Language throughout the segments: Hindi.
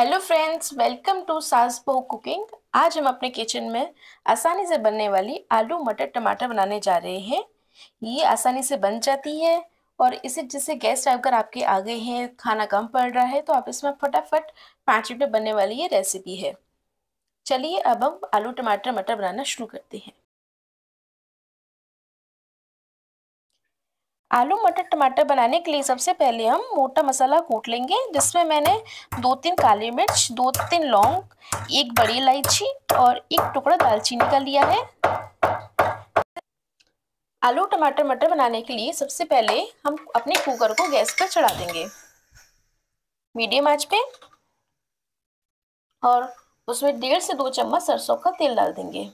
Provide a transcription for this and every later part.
हेलो फ्रेंड्स वेलकम टू सास बो कुकिंग आज हम अपने किचन में आसानी से बनने वाली आलू मटर टमाटर बनाने जा रहे हैं ये आसानी से बन जाती है और इसे जैसे गैस टाइप कर आपके आ गए हैं खाना कम पड़ रहा है तो आप इसमें फटाफट पाँच मिनट में बनने वाली ये रेसिपी है चलिए अब हम आलू टमाटर मटर बनाना शुरू करते हैं आलू मटर टमाटर बनाने के लिए सबसे पहले हम मोटा मसाला कूट लेंगे जिसमें मैंने दो तीन काली मिर्च दो तीन लौंग एक बड़ी इलायची और एक टुकड़ा दालचीनी का लिया है आलू टमाटर मटर बनाने के लिए सबसे पहले हम अपने कुकर को गैस पर चढ़ा देंगे मीडियम आंच पे और उसमें डेढ़ से दो चम्मच सरसों का तेल डाल देंगे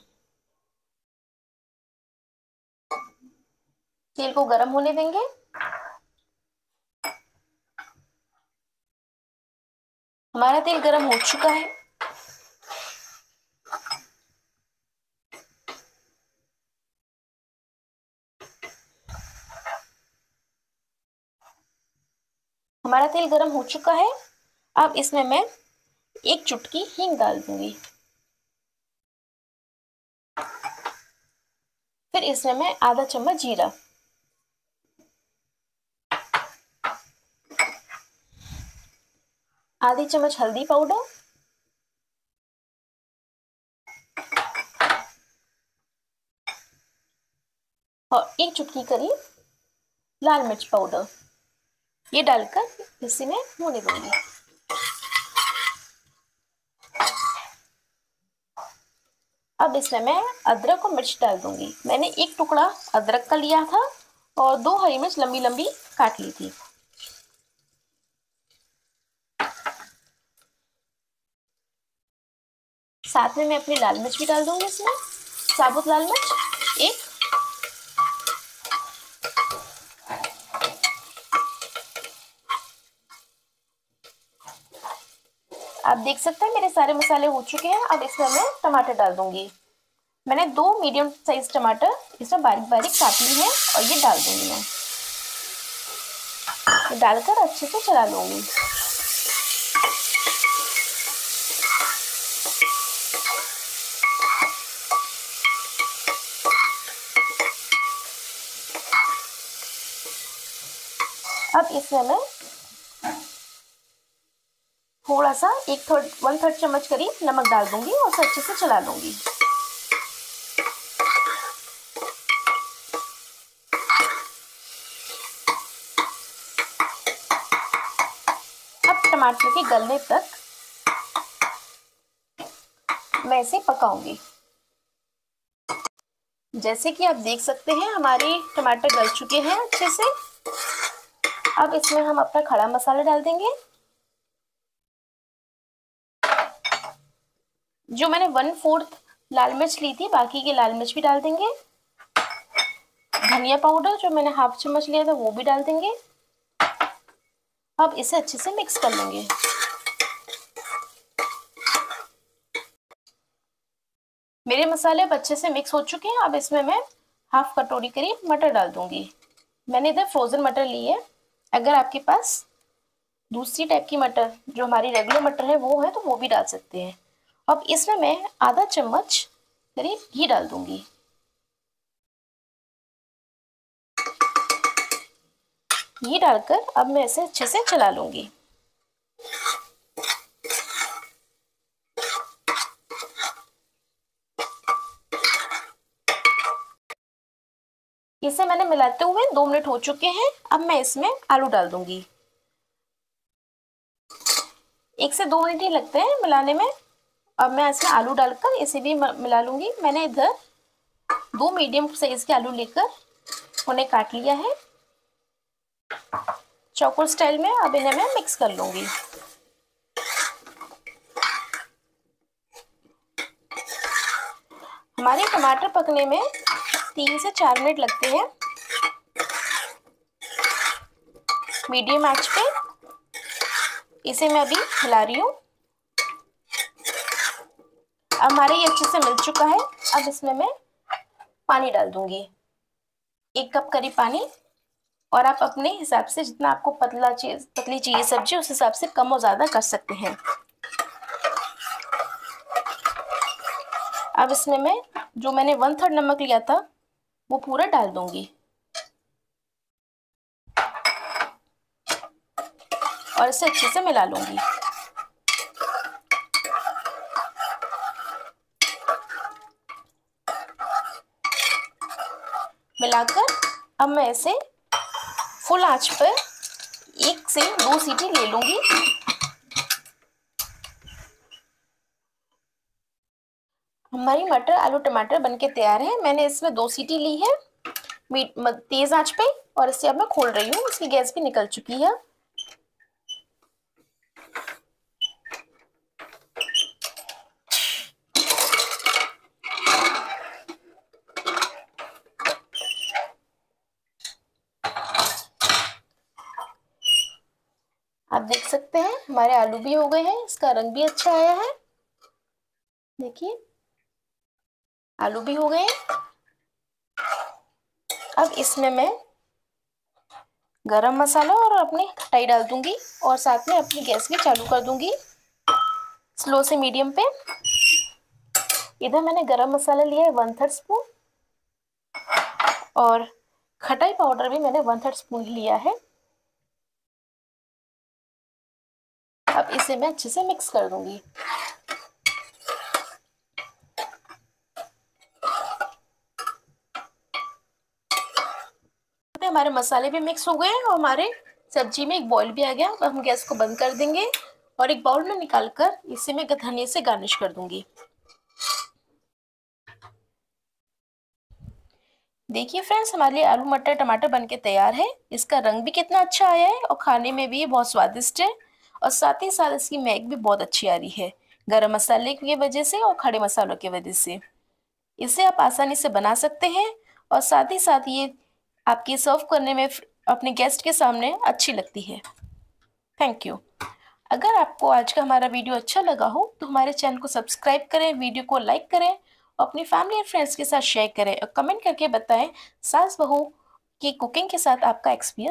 तेल को गर्म होने देंगे हमारा तेल गर्म हो चुका है हमारा तेल गर्म हो चुका है अब इसमें मैं एक चुटकी हींग डाल दूंगी फिर इसमें मैं आधा चम्मच जीरा आधी चम्मच हल्दी पाउडर और एक चुटकी करीब लाल मिर्च पाउडर ये डालकर इसी में होने दूंगी अब इसमें मैं अदरक और मिर्च डाल दूंगी मैंने एक टुकड़ा अदरक का लिया था और दो हरी मिर्च लंबी लंबी काट ली थी साथ में मैं अपनी लाल मिर्च भी डाल दूंगी इसमें साबुत लाल मिर्च एक आप देख सकते हैं मेरे सारे मसाले हो चुके हैं अब इसमें मैं टमाटर डाल दूंगी मैंने दो मीडियम साइज टमाटर इसमें बारीक बारीक काट ली है और ये डाल दूंगी मैं डालकर अच्छे से चला लूंगी इसमें मैं थोड़ा सा एक थर्ड वन थर्ड चम्मच करीब नमक डाल दूंगी और उसे अच्छे से चला लूंगी अब टमाटर के गलने तक मैं इसे पकाऊंगी जैसे कि आप देख सकते हैं हमारे टमाटर गल चुके हैं अच्छे से अब इसमें हम अपना खड़ा मसाला डाल देंगे जो मैंने वन फोर्थ लाल मिर्च ली थी बाकी की लाल मिर्च भी डाल देंगे धनिया पाउडर जो मैंने हाफ चम्मच लिया था वो भी डाल देंगे अब इसे अच्छे से मिक्स कर लेंगे मेरे मसाले अब अच्छे से मिक्स हो चुके हैं अब इसमें मैं हाफ कटोरी करीब मटर डाल दूंगी मैंने इधर फ्रोज़न मटर ली है अगर आपके पास दूसरी टाइप की मटर जो हमारी रेगुलर मटर है वो है तो वो भी डाल सकते हैं अब इसमें मैं आधा चम्मच करीब घी डाल दूंगी घी डालकर अब मैं इसे अच्छे से चला लूंगी इसे मैंने मिलाते हुए दो मिनट हो चुके हैं अब मैं इसमें आलू डाल दूंगी एक से दो मिनट ही लगते हैं मिलाने में अब मैं इसमें आलू डालकर इसे भी मिला लूंगी मैंने इधर दो मीडियम साइज के आलू लेकर उन्हें काट लिया है चौकोर स्टाइल में अब इन्हें मैं मिक्स कर लूंगी हमारे टमाटर पकने में तीन से चार मिनट लगते हैं मीडियम आंच पे इसे मैं अभी हिला रही हूँ हमारे ये अच्छे से मिल चुका है अब इसमें मैं पानी डाल दूंगी एक कप करी पानी और आप अपने हिसाब से जितना आपको पतला चीज पतली चाहिए सब्जी उस हिसाब से कम और ज़्यादा कर सकते हैं अब इसमें मैं जो मैंने वन थर्ड नमक लिया था वो पूरा डाल दूंगी और इसे अच्छे से मिला लूंगी मिलाकर अब मैं इसे फुल आंच पर एक से दो सीटी ले लूंगी हमारी मटर आलू टमाटर बनके तैयार है मैंने इसमें दो सीटी ली है तेज आंच पे और इसे अब मैं खोल रही हूँ इसकी गैस भी निकल चुकी है आप देख सकते हैं हमारे आलू भी हो गए हैं इसका रंग भी अच्छा आया है देखिए आलू भी हो गए अब इसमें मैं गरम मसाला और अपनी खटाई डाल दूंगी और साथ में अपनी गैस भी चालू कर दूंगी स्लो से मीडियम पे इधर मैंने गरम मसाला लिया है वन थर्ड स्पून और खटाई पाउडर भी मैंने वन थर्ड स्पून लिया है अब इसे मैं अच्छे से मिक्स कर दूंगी हमारे मसाले भी मिक्स हो गए हैं और हमारे सब्जी में एक बॉईल भी आ गया अब हम गैस को बंद कर देंगे और एक बाउल में निकाल कर इसे मैं धनिया से गार्निश कर दूंगी देखिए फ्रेंड्स हमारे लिए आलू मटर टमाटर बनके तैयार है इसका रंग भी कितना अच्छा आया है और खाने में भी ये बहुत स्वादिष्ट है और साथ ही साथ इसकी महक भी बहुत अच्छी आ रही है गरम मसाले की वजह से और खड़े मसालों की वजह से इसे आप आसानी से बना सकते हैं और साथ ही साथ ये आपकी सर्व करने में अपने गेस्ट के सामने अच्छी लगती है थैंक यू अगर आपको आज का हमारा वीडियो अच्छा लगा हो तो हमारे चैनल को सब्सक्राइब करें वीडियो को लाइक करें और अपनी फैमिली एंड फ्रेंड्स के साथ शेयर करें और कमेंट करके बताएं सास बहू की कुकिंग के साथ आपका एक्सपीरियंस